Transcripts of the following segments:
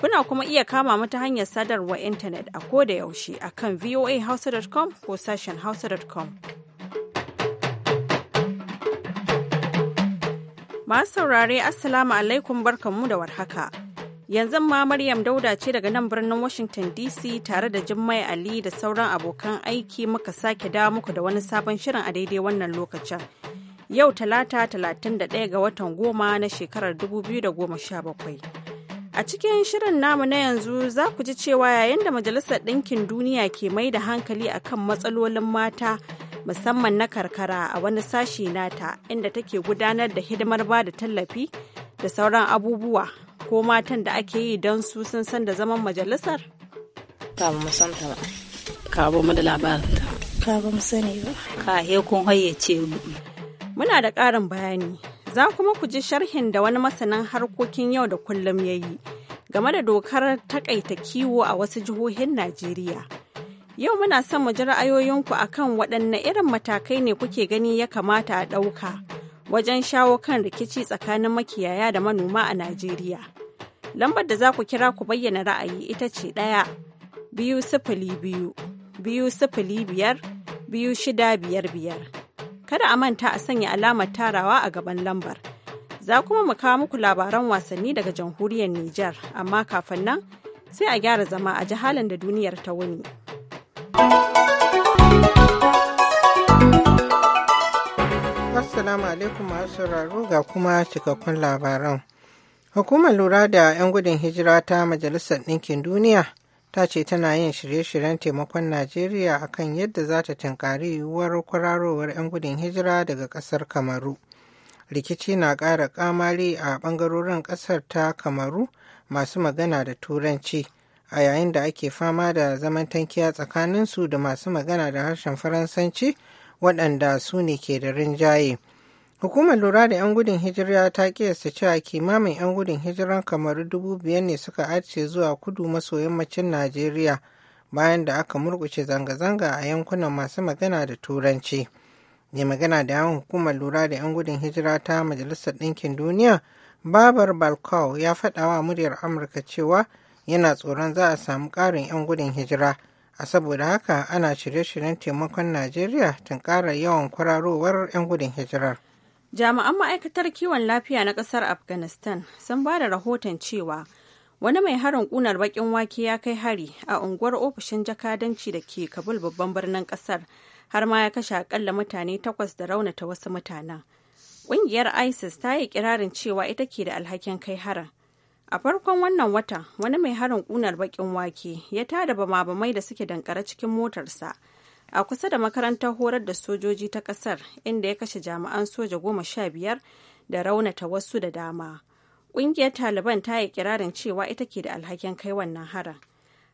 Kuna kuma iya kama mu ta hanyar sadarwa intanet a koda yaushe a kan voahausa.com ko sashen hausa.com. Masu saurare Assalamu alaikum barkanmu da warhaka. Yanzu ma Maryam Dauda ce daga nan birnin Washington DC tare da Jummai Ali da sauran abokan aiki muka sake dawo muku da wani sabon shirin a daidai wannan lokacin. Yau talata 31 ga watan goma na shekarar 2017. A cikin shirin namu na yanzu za ku ji cewa yayin da Majalisar Ɗinkin Duniya ke mai da hankali a kan matsalolin mata musamman na karkara a wani sashi nata inda take gudanar da hidimar ba da tallafi da sauran abubuwa ko matan da ake yi don su sun san da zaman majalisar? Muna da ƙarin bayani Za kuma ku ji sharhin da wani masanin harkokin yau da kullum ya yi game da dokar takaita kiwo a wasu jihohin Najeriya. Yau muna son mu ji ra'ayoyinku a kan waɗanne irin matakai ne kuke gani ya kamata a ɗauka wajen shawo kan rikici tsakanin makiyaya da manoma a Najeriya. Lambar da za ku kira ku bayyana ra'ayi ita ce ɗaya biyu sifili biyu biyu sifili biyar biyu shida biyar biyar. Kada a manta a sanya alamar tarawa a gaban lambar. Za kuma mu kawo muku labaran wasanni daga jamhuriyar Nijar, amma kafin nan sai a gyara zama a jihalin da duniyar ta wuni. Assalamu alaikum masu sauraro ga kuma cikakkun labaran. Hukumar lura da 'yan gudun hijira ta Majalisar Ɗinkin Duniya ta ce tana yin shirye-shiryen taimakon najeriya a kan yadda za ta tunkari yiwuwar kwararowar 'yan gudun hijira daga kasar kamaru rikici na ƙara kamari a ɓangarorin ƙasar ta kamaru masu magana da turanci a yayin da ake fama da zaman tankiya tsakaninsu da masu magana da harshen faransanci waɗanda su ne ke da rinjaye Hukumar lura da 'yan gudun hijira ta kiyasta cewa kimamin 'yan gudun hijiran kamar dubu biyar ne suka arce zuwa kudu maso yammacin Najeriya bayan da aka murkuce zanga-zanga a yankunan masu magana da turanci. Mai magana da yawan hukumar lura da 'yan gudun hijira ta Majalisar Ɗinkin Duniya, Babar Balkau ya faɗa wa muryar Amurka cewa yana tsoron za a samu ƙarin 'yan gudun hijira. A saboda haka ana shirye-shiryen taimakon Najeriya tun ƙara yawan kwararowar 'yan gudun hijirar. jami'an ma'aikatar kiwon lafiya na ƙasar afghanistan sun ba da rahoton cewa wani mai harin kunar bakin wake ya kai hari a unguwar ofishin jakadanci da ke kabul babban birnin ƙasar har ma ya kashe akalla mutane takwas da raunata wasu mutanen ƙungiyar isis ta yi kirarin cewa ita ke da alhakin kai harin a farkon wannan wata wani mai harin kunar bakin wake ya tada bama-bamai da suke dankare cikin motarsa a kusa da makarantar horar da sojoji ta kasar inda ya kashe jami'an soja goma sha biyar da raunata wasu da dama ƙungiyar taliban ta yi kirarin cewa ita ke da alhakin kai wannan harin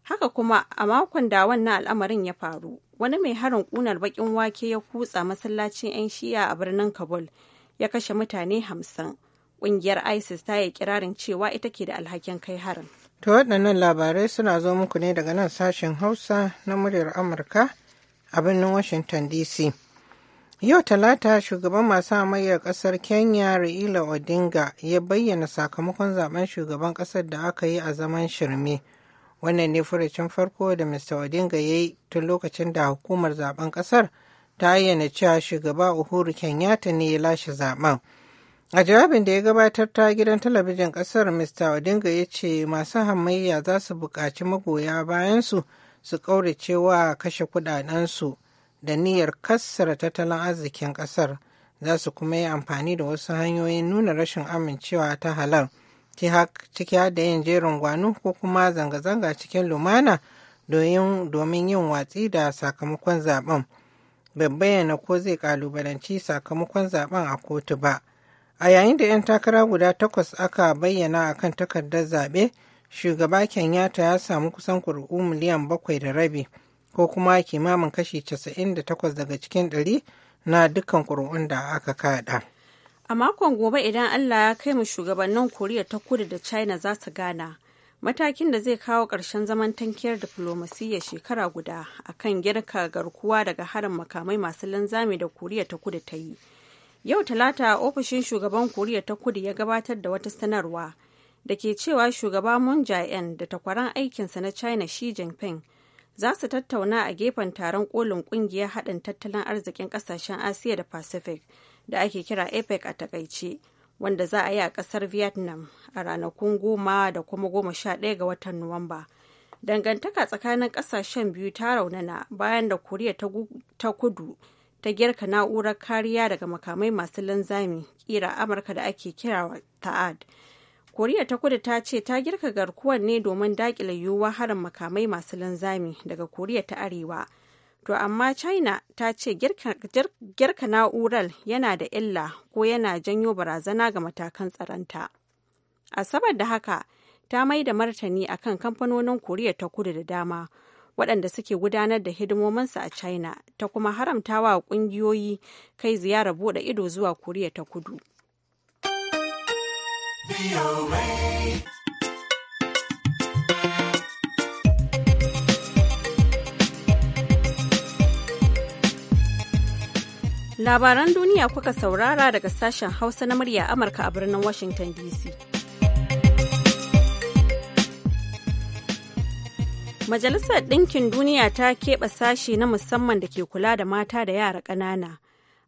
haka kuma a makon da wannan al'amarin ya faru wani mai harin kunar baƙin wake ya kutsa masallacin 'yan shiya a birnin kabul ya kashe mutane hamsin ƙungiyar isis ta yi kirarin cewa ita ke da alhakin kai harin to waɗannan labarai suna zo muku ne daga nan sashen hausa na muryar amurka a birnin Washington DC. Yau Talata shugaban masu amayyar ƙasar Kenya Raila Odinga ya bayyana sakamakon zaben shugaban ƙasar da aka yi a zaman shirme. Wannan ne furucin farko da Mr. Odinga ya yi tun lokacin da hukumar zaben ƙasar ta ayyana cewa shugaba Uhuru Kenyatta ne ya lashe zaben. A jawabin da ya gabatar ta gidan talabijin ƙasar Mr. Odinga ya ce masu hamayya za su buƙaci magoya bayansu su su kaure cewa kashe kudadensu da niyyar kassara tattalin arzikin ƙasar za su kuma yi amfani da wasu hanyoyin nuna rashin amincewa ta halal ciki har da yin jerin gwanu ko kuma zanga-zanga cikin lumana domin yin watsi da sakamakon zaben bai bayyana ko zai kalubalanci sakamakon zaben a kotu ba a yayin da 'yan takara guda takwas aka bayyana akan takardar zaɓe shugaba kenyatta ya samu kusan kuri'u miliyan bakwai da rabi ko kuma kimamin kashi 98 daga cikin ɗari na dukkan kuri'un da aka kada a makon gobe idan allah ya kai mu shugabannin koriya ta kudu da china za su gana matakin da zai kawo ƙarshen zaman tankiyar diflomasiyya shekara guda a kan girka garkuwa daga harin makamai masu linzami da koriya ta kudu ta yi yau talata ofishin shugaban koriya ta kudu ya gabatar da wata sanarwa da ke cewa shugaba Moon jae da takwaran aikinsa na China Xi Jinping za su tattauna a gefen taron kolin kungiyar haɗin tattalin arzikin ƙasashen Asiya da Pacific da ake kira APEC a takaice, wanda za a yi a ƙasar Vietnam a ranakun goma da kuma goma sha ɗaya ga watan Nuwamba. Dangantaka tsakanin ƙasashen biyu ta raunana bayan da Koriya ta kudu ta girka na'urar kariya daga makamai masu linzami ƙira Amurka da ake kira ta'ad. koriya ta kudu ta ce ta girka garkuwar ne domin dakile yiwuwar harin makamai masu linzami daga koriya ta arewa to amma china ta ce girka na'urar yana da illa ko yana janyo barazana ga matakan tsaronta asabar da haka ta mai da martani kan kamfanonin koriya ta kudu da dama waɗanda suke gudanar da hidimominsu a china ta kuma haramtawa ƙungiyoyi kai ziyara buɗe ido zuwa koriya ta kudu Labaran duniya kuka saurara daga sashen Hausa na murya Amurka a birnin Washington DC. Majalisar Ɗinkin Duniya ta keɓe sashe na musamman da ke kula da mata da yara ƙanana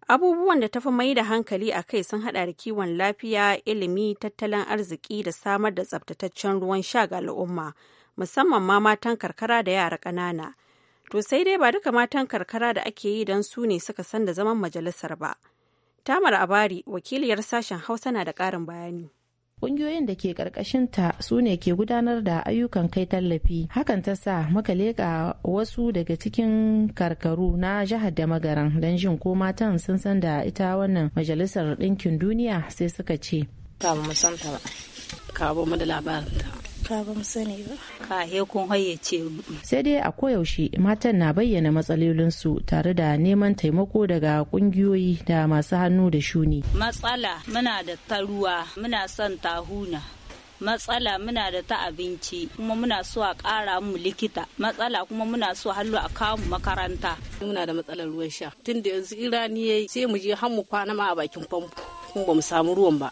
abubuwan da ta fi mai da hankali a kai sun hada da kiwon lafiya ilimi tattalin arziki da samar da tsabtataccen ruwan sha ga al'umma musamman ma matan karkara da yara ƙanana to sai dai ba duka matan karkara da ake yi don su ne suka san da zaman majalisar ba tamar abari wakiliyar sashen hausa na da ƙarin bayani Ƙungiyoyin da ke ta su ne ke gudanar da ayyukan kai tallafi. Hakan ta sa muka leƙa wasu daga cikin karkaru na jihar da magaran don jin ko matan sun san da ita wannan majalisar ɗinkin duniya sai suka ce. Ka ba mu sani ba. Ka he kun hayyace mu. Sai dai a koyaushe matan na bayyana matsalolinsu tare da neman taimako daga kungiyoyi da masu hannu da shuni. Matsala muna da ta ruwa muna son tahuna. matsala muna da ta abinci kuma muna so a ƙara mu likita matsala kuma muna so hallo a kawo makaranta muna da matsalar ruwan sha Tunda da yanzu irani yayi sai mu je har mu kwana ma a bakin famfo kuma ba mu samu ruwan ba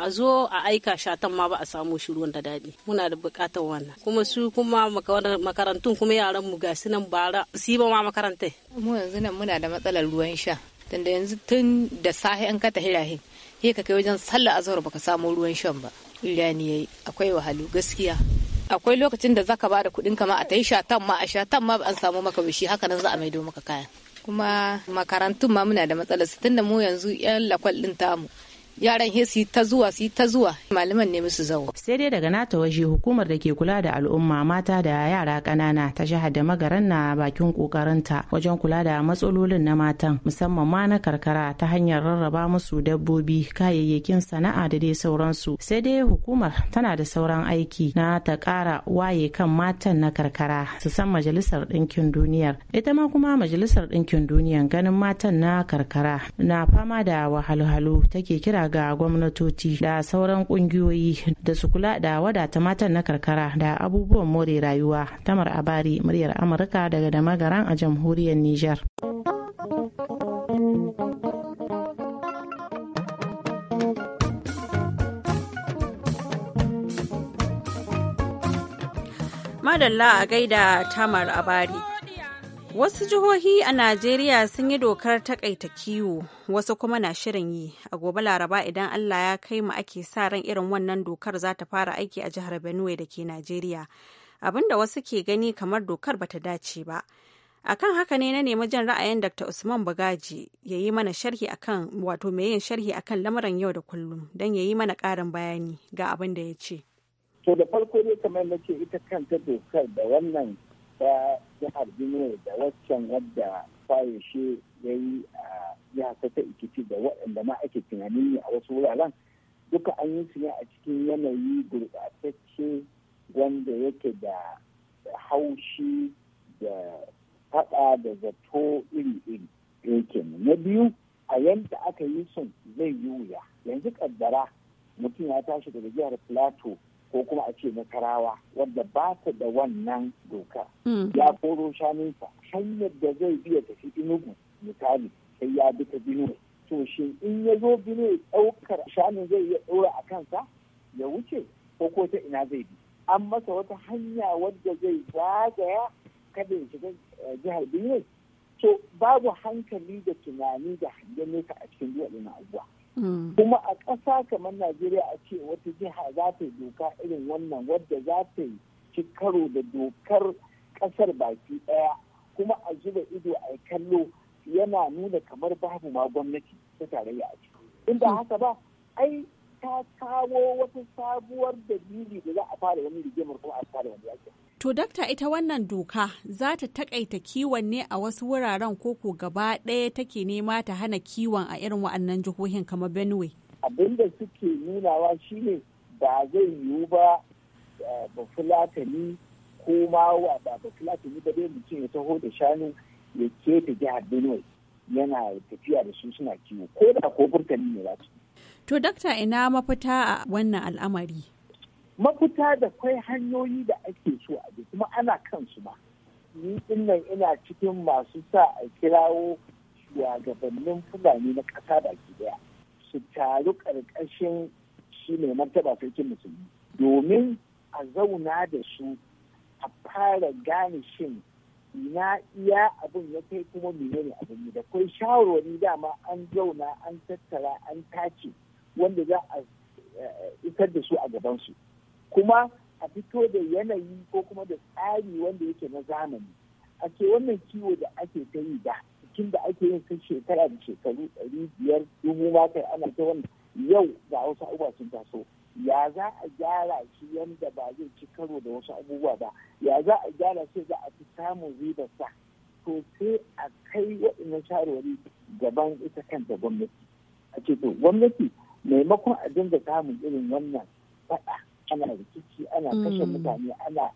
a zo a aika shatan ma ba a samu shi ruwan da daɗi muna da buƙatar wannan kuma su kuma makarantun kuma yaran mu ga su nan bara su ba ma makarantai mu yanzu nan muna da matsalar ruwan sha tunda yanzu tun da sahi an ka tahi sai ka kai wajen sallar azhar baka samu ruwan shan ba ilani yayi akwai wahalu gaskiya akwai lokacin da zaka bada kuɗin kama a tayi shatan ma a shatan ma an samu maka bishi haka nan za a maido maka kaya kuma makarantun ma muna da matsalar su tunda mu yanzu yan lakwal din tamu yaran he su ta zuwa su ta zuwa malaman ne musu zawo sai dai daga nata waje hukumar da ke kula da al'umma mata da yara ƙanana ta jihar da magaran na bakin kokarinta wajen kula da matsalolin na matan musamman ma na karkara ta hanyar rarraba musu dabbobi kayayyakin sana'a da dai sauransu sai dai hukumar tana da sauran aiki na ta kara waye kan matan na karkara su san majalisar ɗinkin duniyar ita ma kuma majalisar ɗinkin duniyar ganin matan na karkara na fama da wahalhalu take kira ga gwamnatoci da sauran kungiyoyi da su kula da wadata matan na karkara da abubuwan more rayuwa tamar abari muryar amurka daga da magaran a jamhuriyar niger madalla a gaida tamar abari Wasu jihohi a Najeriya sun yi dokar takaita kiwo, wasu kuma na shirin yi. A gobe Laraba idan Allah ya kai mu ake sa ran irin wannan dokar za ta fara aiki a jihar Benue da ke Najeriya. da wasu ke gani kamar dokar bata dace ba. Akan haka ne na nemi jin ra'ayin Dr. Usman Bagaji ya yi mana sharhi akan wato mai yin sharhi akan lamuran yau da kullum don ya yi mana ƙarin bayani ga abin da ya ce. To da farko ne kamar nake ita kanta dokar da wannan ta jihar Benue da waccan wadda fayashe ya yi a yasa ta ikiti da waɗanda ma ake tunanin a wasu wuraren duka an yi su ne a cikin yanayi gurɓatacce wanda yake da haushi da faɗa da zato iri-iri yake eh, na biyu a yadda aka yi sun zai yi wuya yanzu kaddara mutum ya tashi daga jihar plateau ko kuma a ce nasarawa wadda ba ta da wannan doka hmm. ya koro shanunsa hanyar da zai biya tafi inugu misali sai ya bi ta binu to shi in ya zo binu ɗaukar shanun zai iya ɗora a kansa ya wuce ko ko ta ina zai bi an masa wata hanya wadda zai zagaya kada ya shiga eh, jihar binu to babu hankali da tunani da hangen nesa a cikin ɗin abubuwa Hmm. kuma a ƙasa kamar najeriya a ce wata jiha za ta doka irin wannan wadda za ta yi ci karo da dokar ƙasar baki ɗaya kuma a zuba ido a kallo yana nuna kamar babu ma gwamnati ta tarayya a ciki inda hmm. haka ba ai ta kawo wata sabuwar dalili da za a fara wani rigimar kuma a fara wani yaki To, dakta ita wannan doka za ta takaita kiwon ne a wasu wuraren koko gaba ɗaya take nema ta hana kiwon a irin wa'annan jihohin kamar Benue. Abin da suke nunawa shine ba zai yiwu ba eh, ba fulatani ko ma ba ba fulatani ba dai mutum ya taho da shanu ya ke keta jihar Benue yana tafiya da su suna kiwo ko da ko burtani ne za To, dakta ina mafita a wannan al'amari? mafita da kwai hanyoyi da ake so a bi kuma ana kansu ba ni dinnan ina cikin masu sa a kirawo shugabannin fulani na ƙasa baki daya su taru ƙarƙashin shi mai martaba sarkin musulmi domin a zauna da su a fara gane shin na iya abin ya kai kuma menene abin da kai shawarwari dama an zauna an tattara an tace wanda za a eh, isar da su a gabansu kuma a fito da yanayi ko kuma da tsari wanda yake na zamani a ce wannan kiwo da ake ta yi da cikin da ake yin sun shekara da shekaru ɗari biyar dubu ma kai ana ta wani yau ga wasu abubuwa sun taso ya za a gyara shi yadda ba zai ci karo da wasu abubuwa ba ya za a gyara shi za a fi samun ribar sa to sai a kai waɗannan shawarwari gaban ita kanta gwamnati a ce to gwamnati maimakon a dinga samun irin wannan faɗa ana rikici ana kashe mm. mutane ana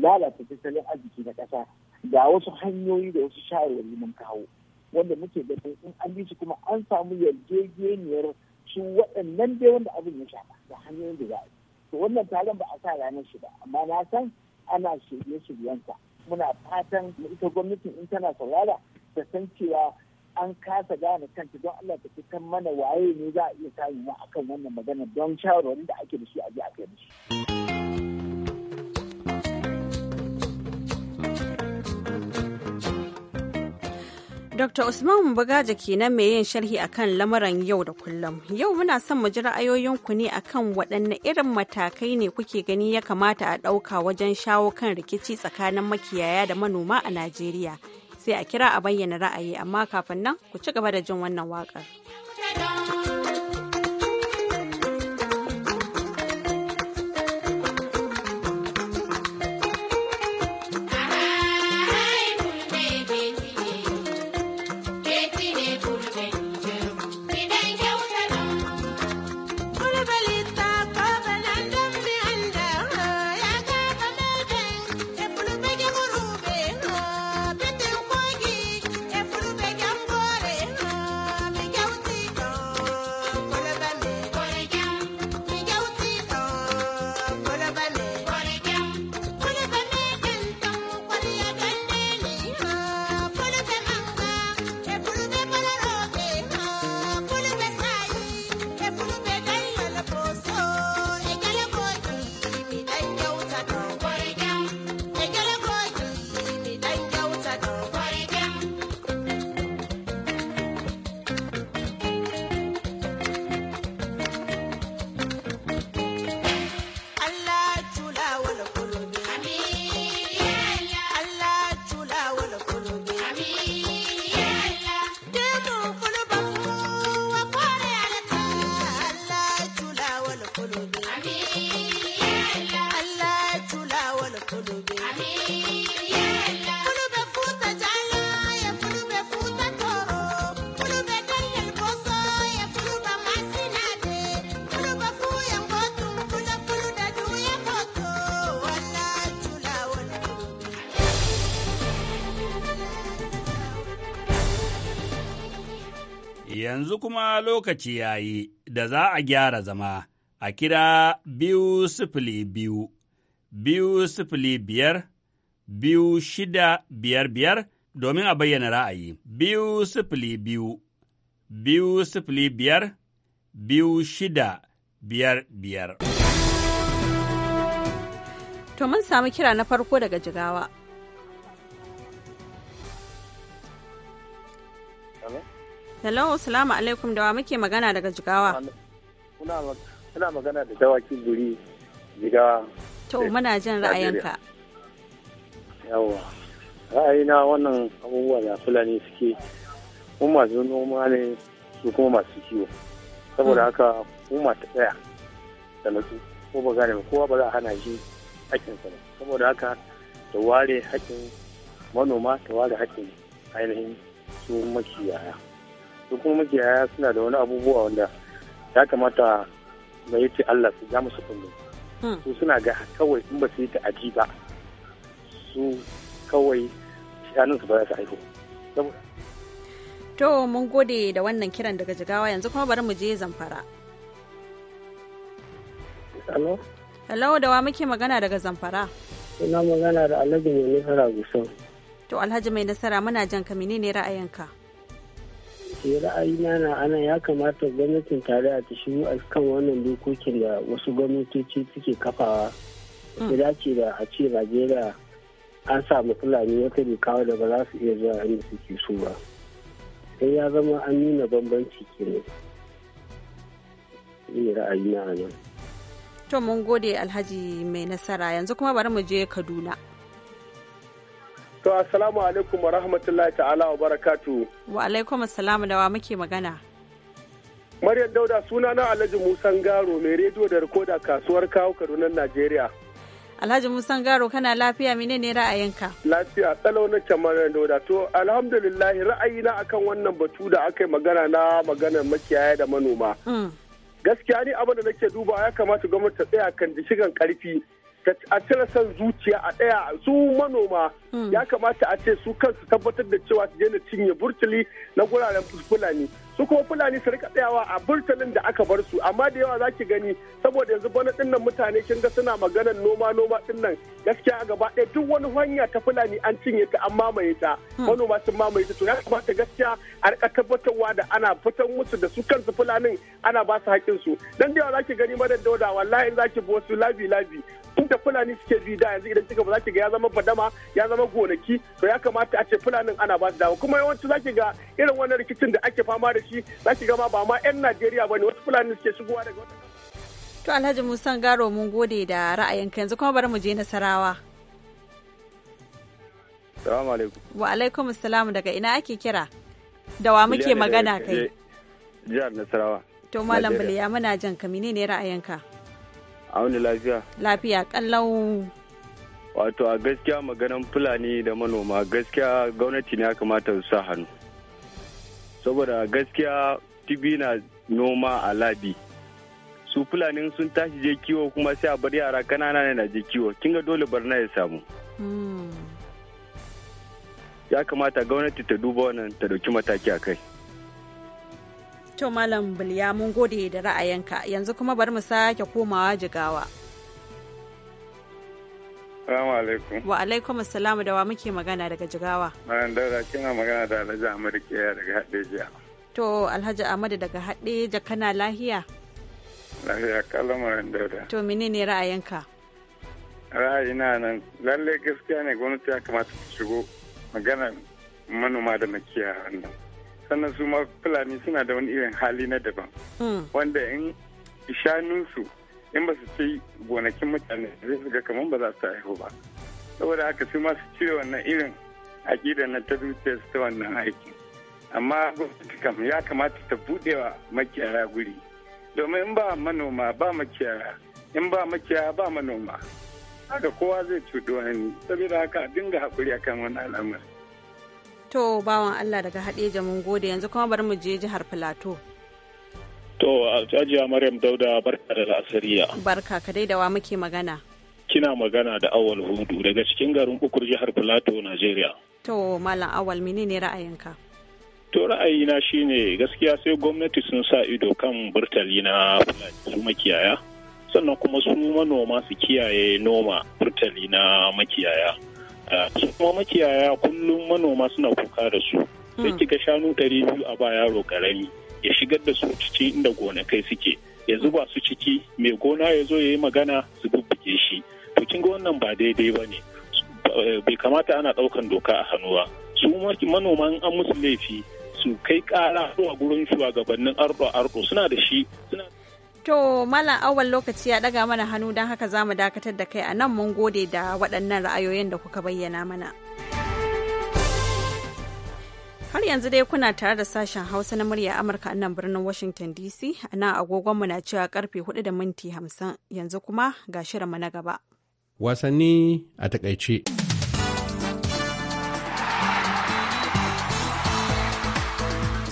lalata tattalin arziki na ƙasa da wasu hanyoyi da wasu shawarwari mun kawo wanda muke da in an bi kuma an samu yarjejeniyar su waɗannan dai wanda abin ya shafa da hanyoyin da za a yi to wannan taron ba a sa ranar shi ba amma na san ana shirye-shiryensa muna fatan ita gwamnatin in tana saurara ta san cewa an kasa gane kanta don Allah ta mana waye ne za a iya samu mu akan wannan magana don shawarwarin da ake da shi a ji a kai shi. Dr. Usman Bugaja kenan mai yin sharhi akan lamuran yau da kullum. Yau muna son mu ji ra'ayoyinku ne akan waɗanne irin matakai ne kuke gani ya kamata a ɗauka wajen shawo kan rikici tsakanin makiyaya da manoma a Najeriya. sai a kira a bayyana ra'ayi amma kafin nan ku ci gaba da jin wannan waƙar. Yanzu kuma lokaci ya yi da za a gyara zama a kira biyu sifili biyu, biyu sifili biyar, biyu shida biyar biyar domin a bayyana ra'ayi. Biyu sifili biyu, biyu sifili biyar, biyu shida biyar biyar. To mun samu kira na farko daga jigawa. Hello, salamu alaikum dawa muke magana daga jigawa. Muna magana da dawakin guri jigawa. To, muna jin ra'ayinka. Yawa, ra'ayina wannan abubuwa da Fulani suke, kuma masu noma ne su kuma masu kiwo. Saboda hmm. haka, kuma ta tsaya da nutsu, ko ba gane ba, kowa ba za a hana shi haƙƙinsa ba. Saboda haka, ta ware haƙƙin manoma, ta ware haƙƙin ainihin su makiyaya. su kuma makiyaya suna da wani abubuwa wanda ya kamata mai ce Allah su ja musu kullum hmm. su suna ga kawai in ba su yi aji ba su kawai su ba za su haihu to mun gode da wannan kiran daga jigawa yanzu kuma bari mu je zamfara Hello? Hello, da wa muke magana daga zamfara? Ina magana da Alhaji Mai Nasara Gusau. To Alhaji Mai Nasara muna jan ka menene ra'ayinka? ra'ayina na ana ya kamata gwamnatin tarayya ta shigo a kan wannan dokokin da wasu gwamnatoci suke kafawa ya hmm. dace da a ce najeriya an samu fulani wata kawo da ba za su iya zuwa inda suke so ba sai ya zama an nuna bambanci ke ne ra'ayina a nan to mun gode alhaji mai nasara yanzu kuma bari mu je kaduna To assalamu alaikum wa rahmatullahi ta'ala wa barakatu. Wa alaikum assalamu da wa muke magana. Maryam Dauda suna na Alhaji Musan Garo mai rediyo da rikoda kasuwar kawo Kaduna Najeriya. Alhaji Musan Garo kana lafiya menene ra'ayinka? Lafiya tsalau na Maryam Dauda. To alhamdulillah ra'ayina akan wannan batu da aka yi magana na maganar makiyaya da manoma. Mm. Gaskiya ne abin da nake duba ya kamata gwamnati ta tsaya kan shigan karfi. a cire son zuciya a ɗaya su manoma hmm. ya kamata a ce su kansu tabbatar da cewa su daina cinye burtuli na guraren fulani su kuma fulani su rika tsayawa a burtulin da aka bar su amma da yawa zaki gani saboda yanzu bana dinnan mutane kin suna maganar noma noma dinnan gaskiya a gaba ɗaya duk wani hanya ta fulani an cinye ta an mamaye ta hmm. manoma sun mamaye ta to ya kamata gaskiya a rika tabbatarwa da ana fitan musu da su kansu fulanin ana ba su haƙƙinsu su dan da yawa zaki gani madar dauda wallahi zaki bi wasu labi labi da fulani suke bi da yanzu idan kika ba za ki ga ya zama fadama ya zama gonaki to ya kamata a ce fulanin ana ba su dama kuma yawanci za ki ga irin wannan rikicin da ake fama da shi za ki ga ma ba ma 'yan Najeriya ba ne wasu fulani suke shigowa daga wata To Alhaji Musan Garo mun gode da ra'ayinka yanzu kuma bari mu je Nasarawa. Salamu alaikum. Wa alaikum salam daga ina ake kira? Da wa muke magana kai? Jihar Nasarawa. To Malam Biliya muna jan ka menene ra'ayinka? a lafiya lafiya kallau wato a gaskiya maganan fulani da manoma gaskiya gwamnati ne ya kamata su sa hannu saboda gaskiya tibi na noma a labi su fulani sun tashi je kiwo kuma sai a bar yara kanana na je kiwo kinga dole barna ya samu hmm. ya kamata gwamnati ta duba wannan ta dauki mataki a kai To Malam Bilya mun gode da ra'ayinka yanzu kuma bari mu sake komawa jigawa. Salamu alaikum. Wa alaikum assalamu da wa muke magana daga jigawa. Malam Daura kina magana da Alhaji Ahmad Kiyaye daga Hadejiya. To Alhaji Ahmad daga Hadeja kana lahiya? Lahiya kalamarin Daura. To menene ra'ayinka? Ra'ayi na nan lalle gaskiya ne gwamnati ya kamata ta shigo magana manoma da makiyaya wannan. sannan su ma fulani suna da wani irin hali na daban hmm. wanda in shanunsu in ba su ce gonakin mutane zai su ga kamar ba za su haihu ba saboda haka su ma su cire wannan irin aƙidar na ta zuciya su ta wannan aiki amma gwamnati kam ya kamata ta buɗewa makiyaya guri domin in ba manoma ba makiyaya in ba makiyaya ba manoma haka kowa zai cuɗo wani saboda haka dinga haƙuri akan wani al'amari To bawan Allah daga Hadeja mun gode yanzu kuma bari mu je jihar Filato. To Alhajiya Maryam Dauda barka da la'asariya. Barka ka dai wa muke magana. Kina magana da Awal Hudu daga cikin garin Ukur jihar Filato Najeriya. To Malam Awal menene ra'ayinka? To ra'ayina ne gaskiya sai gwamnati sun sa ido kan burtali na makiyaya sannan kuma su manoma su kiyaye noma burtali na makiyaya. su kuma makiyaya kullum manoma suna kuka da su sai hmm. kika shanu ɗari biyu a ba yaro ƙarami ya shigar da su ciki inda gonakai suke ya zuba su ciki mai gona ya zo ya yi magana su bubbuke shi to kin ga wannan ba daidai ba ne eh, bai kamata ana ɗaukan doka a hannu ba su manoman an musu laifi su kai ƙara zuwa gurin shugabannin arɗo-arɗo suna da shi To Malam awal lokaci ya ɗaga mana hannu don haka za mu dakatar da kai a nan mun gode da waɗannan ra'ayoyin da kuka bayyana mana. Har yanzu dai kuna tare da sashen Hausa na murya Amurka a nan birnin Washington DC, a nan agogonmu na cewa karfe 4 da minti 50 yanzu kuma ga shirinmu na gaba. Wasanni a takaice.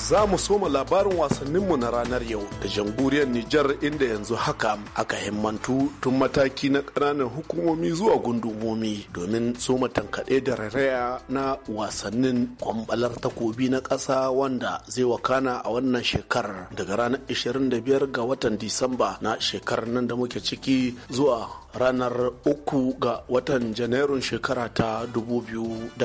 za mu soma labarin wasanninmu na ranar yau da jamhuriyar Nijar inda yanzu haka aka himmantu tun mataki na ƙananan hukumomi zuwa gundumomi domin soma tankaɗe da raraya na wasannin kwambalar takobi na ƙasa wanda zai wakana a wannan shekarar daga ranar 25 ga watan Disamba na shekarar nan da muke ciki zuwa ranar uku ga watan janairun shekara ta 2018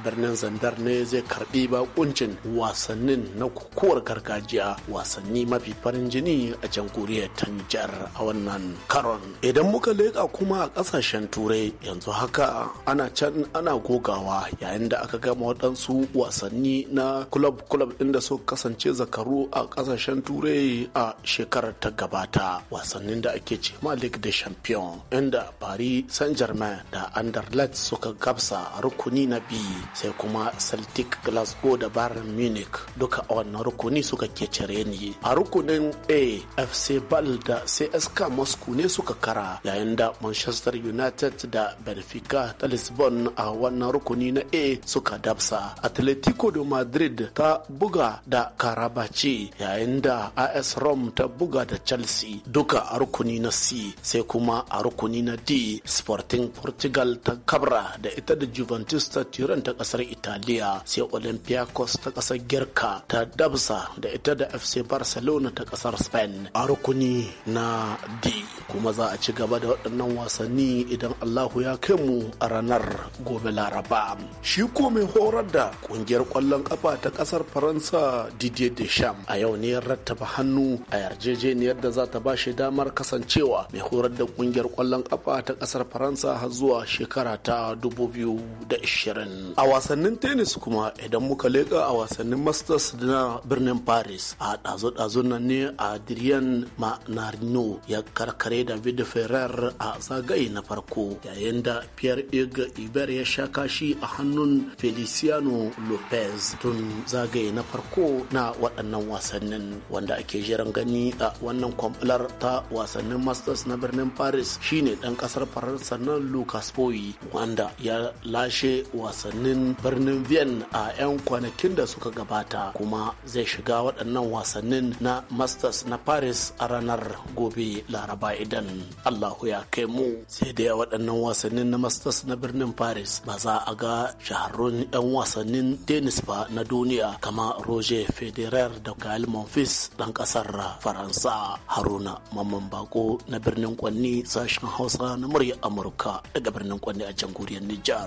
birnin zandar ne zai karbi bakuncin wasannin na kukuwar gargajiya wasanni mafi farin jini a jamhuriyar ta nijar a wannan karon idan muka leƙa kuma a ƙasashen turai yanzu haka ana can ana gogawa yayin da aka gama waɗansu wasanni na kulab-kulab inda suka kasance zakaru a ƙasashen turai a shekarar ta gabata wasannin da ake ce malik da champion inda Paris Saint-Germain da Anderlecht suka gabsa a rukuni na biyu sai kuma Celtic Glasgow da Bayern Munich duka a wannan rukuni suka cire ni. A rukunin A FC ball da CSKA Moscow ne suka kara yayin da Manchester United da Benfica ta Lisbon a wannan rukuni na A suka dabsa. Atletico de Madrid ta buga da Karabaci yayin da AS Rome ta buga da Chelsea duka a rukuni na C sai kuma a rukuni na D Sporting Portugal ta Cabra da ita da Juventus ta Turin ta kasar Italiya sai Olympiacos ta kasar Girka ta Dabsa da ita da FC Barcelona ta kasar Spain a rukuni na D kuma za a ci gaba da waɗannan wasanni idan Allahu ya kai mu a ranar gobe Laraba shi ko mai horar da kungiyar kwallon kafa ta kasar Faransa Didier Deschamps a yau ne ya rattaba hannu a yarjejeniyar da za ta ba shi damar kasancewa mai horar da kungiyar kwallon kafa ta kasar faransa har zuwa shekara ta 2020 a wasannin tennis kuma idan muka leka a wasannin masters na birnin paris a ɗazu dazo nan ne adrian manarino ya karkare david ferrer a zagaye na farko yayin da pierre ig iber ya sha kashi a hannun feliciano lopez tun zagaye na farko na waɗannan wasannin wanda ake jiran gani a wannan kwamfular ta wasannin masters na birnin birnin paris shine dan kasar faransa nan lucas boyi wanda ya lashe wasannin birnin vienne a 'yan kwanakin da suka gabata kuma zai shiga waɗannan wasannin na masters na paris a ranar gobe laraba idan allahu ya kai mu sai dai waɗannan wasannin na masters na birnin paris ba za a ga shaharrun 'yan wasannin tennis ba na duniya kama roger federer da kyle monfils ɗan ƙasar faransa haruna mamman bako na birnin kwani. kwanni sashen hausa na murya amurka daga birnin kwanni a jamhuriyar nijar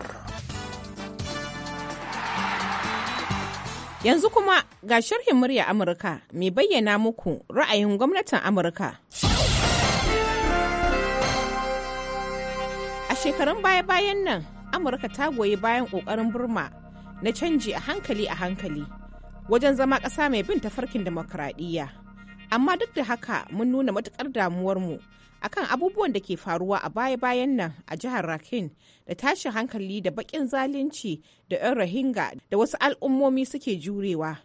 yanzu kuma ga sharhin murya amurka mai bayyana muku ra'ayin gwamnatin amurka a shekarun baya-bayan nan amurka ta goyi bayan ƙoƙarin burma na canji a hankali a hankali wajen zama ƙasa mai bin tafarkin demokradiyya amma duk da haka mun nuna matukar damuwarmu akan abubuwan da ke faruwa a baya-bayan nan a jihar Rakhine da tashin hankali da bakin zalunci da 'yan Rohingya da wasu al'ummomi suke jurewa.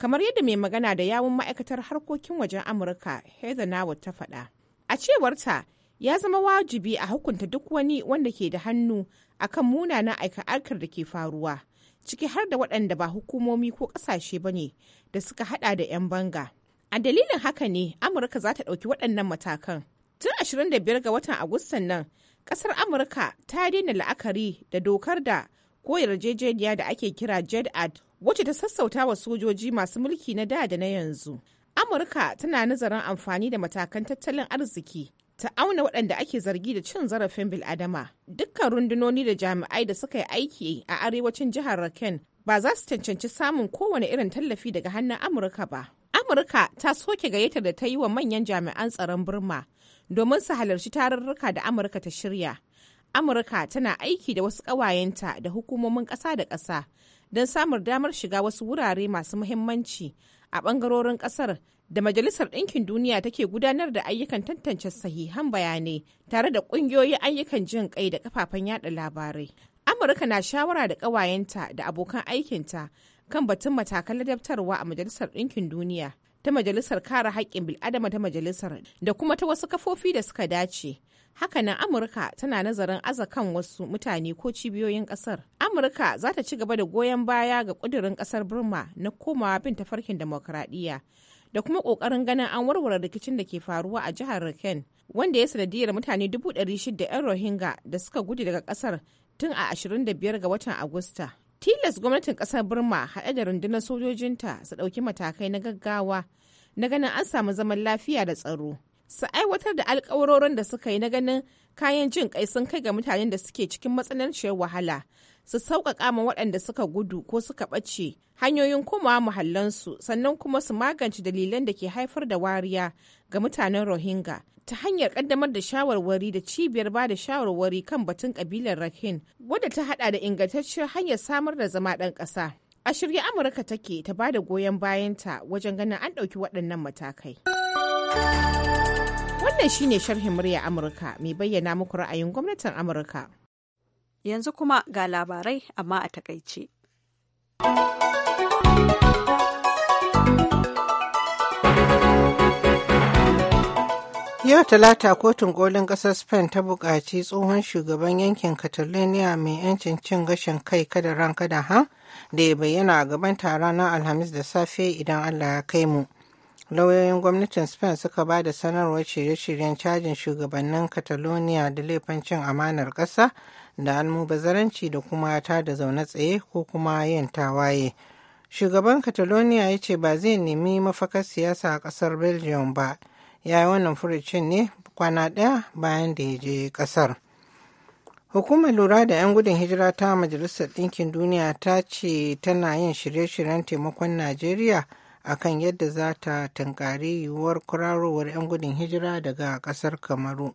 Kamar yadda mai magana da yawun ma'aikatar harkokin wajen Amurka Heather Nawat ta faɗa. A cewarta ya zama wajibi a hukunta duk wani wanda ke da hannu akan munanan aika-aikar da ke faruwa, ciki har da waɗanda ba hukumomi ko ƙasashe ba ne da suka haɗa da 'yan banga. A dalilin haka ne Amurka za ta ɗauki waɗannan matakan. Tun 25 ga watan Agustan nan, ƙasar Amurka ta daina la'akari da dokar da ko yarjejeniya da ake kira jed ad wacce ta sassauta wa sojoji masu mulki na da da na yanzu. Amurka tana nazarin amfani da matakan tattalin arziki ta auna waɗanda ake zargi da cin zarafin bil'adama. Dukkan rundunoni da jami'ai da suka yi aiki a arewacin jihar Raken ba za su cancanci samun kowane irin tallafi daga hannun Amurka ba. Amurka ta soke gayyatar da ta yi wa manyan jami'an tsaron Burma domin su halarci tarurruka da Amurka ta shirya. Amurka tana aiki da wasu ƙawayenta da hukumomin ƙasa da ƙasa don samun damar shiga wasu wurare masu muhimmanci a ɓangarorin ƙasar da Majalisar Ɗinkin Duniya take gudanar da ayyukan tantance sahihan bayanai tare da ƙungiyoyin ayyukan jin ƙai da kafafen yada labarai. Amurka na shawara da ƙawayenta da abokan aikinta kan batun matakan ladabtarwa a Majalisar Ɗinkin Duniya ta Majalisar Kare Haƙƙin Bil'adama ta Majalisar da kuma ta wasu kafofi da suka dace. Hakanan Amurka tana nazarin aza kan wasu mutane ko cibiyoyin ƙasar. Amurka za ta ci gaba da goyon baya ga ƙudurin ƙasar Burma na komawa bin tafarkin dimokuraɗiyya da kuma ƙoƙarin ganin an warware rikicin da ke faruwa a jihar raken wanda ya sanadiyar mutane shida 'yan Rohingya da suka gudu daga ƙasar tun a 25 ga watan Agusta tilas gwamnatin kasar burma haɗe da rundunar sojojinta su ɗauki matakai na gaggawa na ganin an samu zaman lafiya da tsaro su aiwatar da alkawarorin da suka yi na ganin kayan jin kai sun kai ga mutanen da suke cikin matsananciyar wahala su sauƙaƙa ma waɗanda suka gudu ko suka ɓace hanyoyin komawa muhallansu sannan kuma su magance dalilan da ke haifar da wariya ga mutanen rohingya ta hanyar ƙaddamar da shawarwari da cibiyar ba da shawarwari kan batun ƙabilar rahin wadda ta haɗa da ingantacciyar hanyar samar da zama ɗan ƙasa a shirye amurka take ta ba da goyon bayanta wajen ganin an ɗauki waɗannan matakai wannan shine sharhin murya amurka mai bayyana muku ra'ayin gwamnatin amurka Yanzu kuma ga labarai amma a takaice. Yau Talata kotun kolin ƙasar Spain ta buƙaci tsohon shugaban yankin Catalonia mai 'yancin cin gashin kai kada ran kada ha da ya bayyana a gaban taron na Alhamis da safe idan Allah ya kai mu. Lauyoyin gwamnatin Spain suka ba da sanarwar shirye-shiryen cajin shugabannin Catalonia da laifin cin amanar ƙasa da hannu bazaranci da kuma ta da zaune tsaye ko kuma yin tawaye shugaban catalonia ya ce ba zai nemi mafakar siyasa a kasar belgium ba ya yi wannan furucin ne kwana ɗaya bayan da ya je ƙasar. hukumar lura da 'yan gudun hijira ta majalisar ɗinkin duniya ta ce tana yin shirye-shiryen taimakon najeriya a kan yadda za ta tankari yiwuwar kurarowar 'yan gudun hijira daga ƙasar kamaru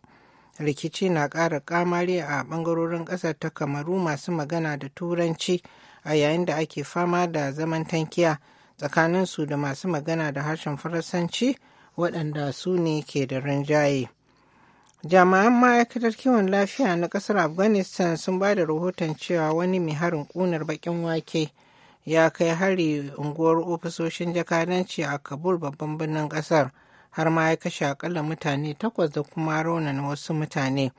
rikici na ƙara kamari a ɓangarorin ƙasar ta kamaru masu magana da turanci a yayin da ake fama da zaman tankiya tsakanin su da masu magana da harshen faransanci waɗanda su ne ke da rinjaye jami'an ma'aikatar kiwon lafiya na ƙasar afghanistan sun ba da rahoton cewa wani mai harin ƙunar baƙin wake ya kai hari unguwar ofisoshin jakadanci a kabul babban birnin ƙasar har ma ya kashe akalla mutane takwas da kuma raunan wasu mutane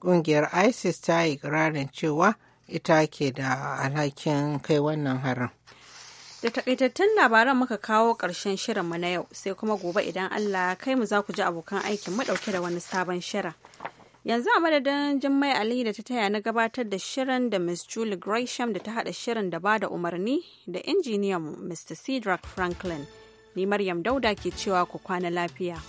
ƙungiyar isis ta yi ikirarin cewa ita ke da alhakin kai wannan harin da takaitattun labaran muka kawo ƙarshen shirin mu na yau sai kuma gobe idan allah kai mu za ku ji abokan aikin mu ɗauke da wani sabon shirin yanzu a madadin jimmai ali da ta taya na gabatar da shirin da miss julie gresham da ta haɗa shirin da ba da umarni da injiniyan mr cedric franklin Ni Maryam Dauda ke cewa ku kwana lafiya.